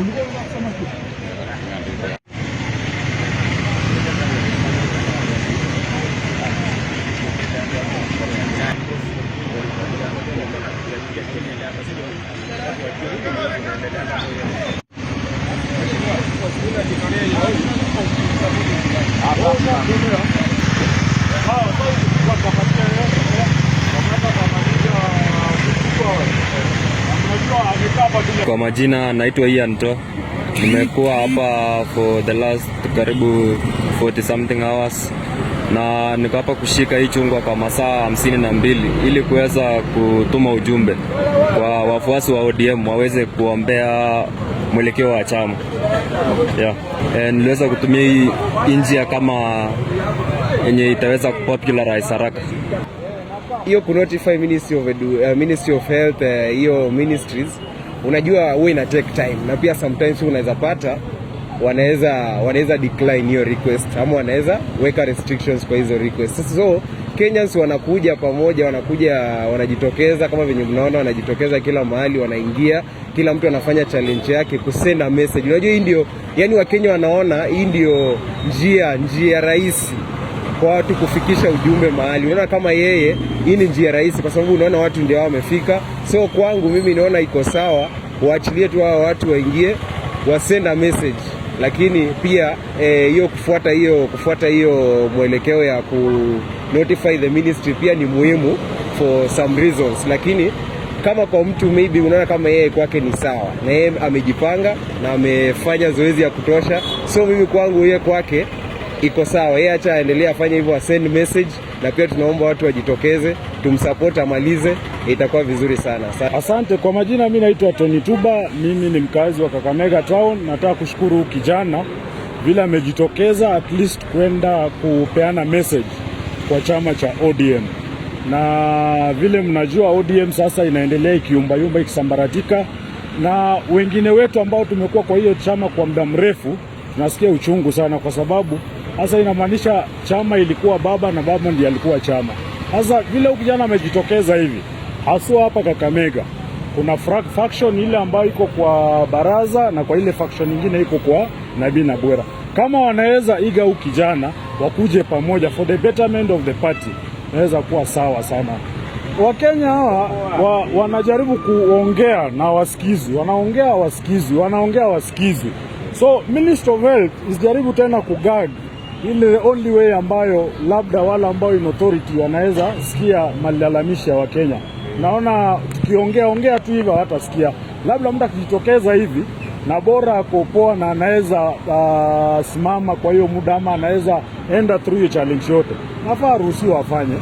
ಉಳಿದವರು ವಾಸ ಮಾಡ್ತೀವಿ Thank you. Kwa majina naitwa Ian to, nimekuwa hapa for the last karibu 40 something hours na niko hapa kushika hii chungwa kwa masaa hamsini na mbili ili kuweza kutuma ujumbe kwa wafuasi wa ODM waweze kuombea mwelekeo wa chama yeah. E, niliweza kutumia hii njia kama yenye itaweza kupopularize haraka hiyo ku notify Ministry of, Edu, uh, Ministry of Health eh, hiyo uh, ministries unajua huwa ina take time, na pia sometimes unaweza pata wanaweza wanaweza decline hiyo request ama wanaweza weka restrictions kwa hizo request. So Kenyans wanakuja pamoja, wanakuja wanajitokeza, kama venye mnaona wanajitokeza kila mahali, wanaingia, kila mtu anafanya challenge yake kusend a message. Unajua hii ndio yani, Wakenya wanaona hii ndio njia njia rahisi kwa watu kufikisha ujumbe mahali. Unaona kama yeye, hii ni njia rahisi, kwa sababu unaona watu ndio wamefika. So kwangu mimi naona iko sawa, waachilie tu hao watu waingie, wasenda message, lakini pia eh, hiyo e, kufuata hiyo kufuata hiyo mwelekeo ya ku notify the ministry pia ni muhimu for some reasons, lakini kama kwa mtu maybe unaona kama yeye kwake ni sawa na yeye amejipanga na amefanya zoezi ya kutosha, so mimi kwangu yeye kwake iko sawa, yeye acha aendelee afanye hivyo, send message, na pia tunaomba watu wajitokeze tumsupport, amalize, itakuwa vizuri sana. Sa Asante kwa majina, mimi naitwa Tony Tuba, mimi ni mkazi wa Kakamega Town. Nataka kushukuru kijana vile amejitokeza at least kwenda kupeana message kwa chama cha ODM na vile mnajua ODM sasa inaendelea ikiumbayumba ikisambaratika, na wengine wetu ambao tumekuwa kwa hiyo chama kwa muda mrefu tunasikia uchungu sana, kwa sababu sasa inamaanisha chama ilikuwa baba na baba ndiye alikuwa chama. Sasa vile kijana amejitokeza hivi haswa hapa Kakamega, kuna faction ile ambayo iko kwa Baraza na kwa ile faction nyingine iko kwa Nabii Nabwera, Kama wanaweza iga huyu kijana wakuje pamoja for the betterment of the party, naweza kuwa sawa sana. Wakenya hawa wa, wanajaribu kuongea na wasikizi, wanaongea wasikizi, wanaongea wasikizi. So Minister of Health jaribu tena kugag ile only way ambayo labda wale ambao in authority wanaweza sikia malalamishi ya Wakenya. Naona tukiongea ongea tu hivyo hawatasikia, labda mtu akijitokeza hivi na bora akopoa na anaweza uh, simama kwa hiyo muda ama anaweza enda through hiyo challenge yote, nafaa ruhusiwa afanye.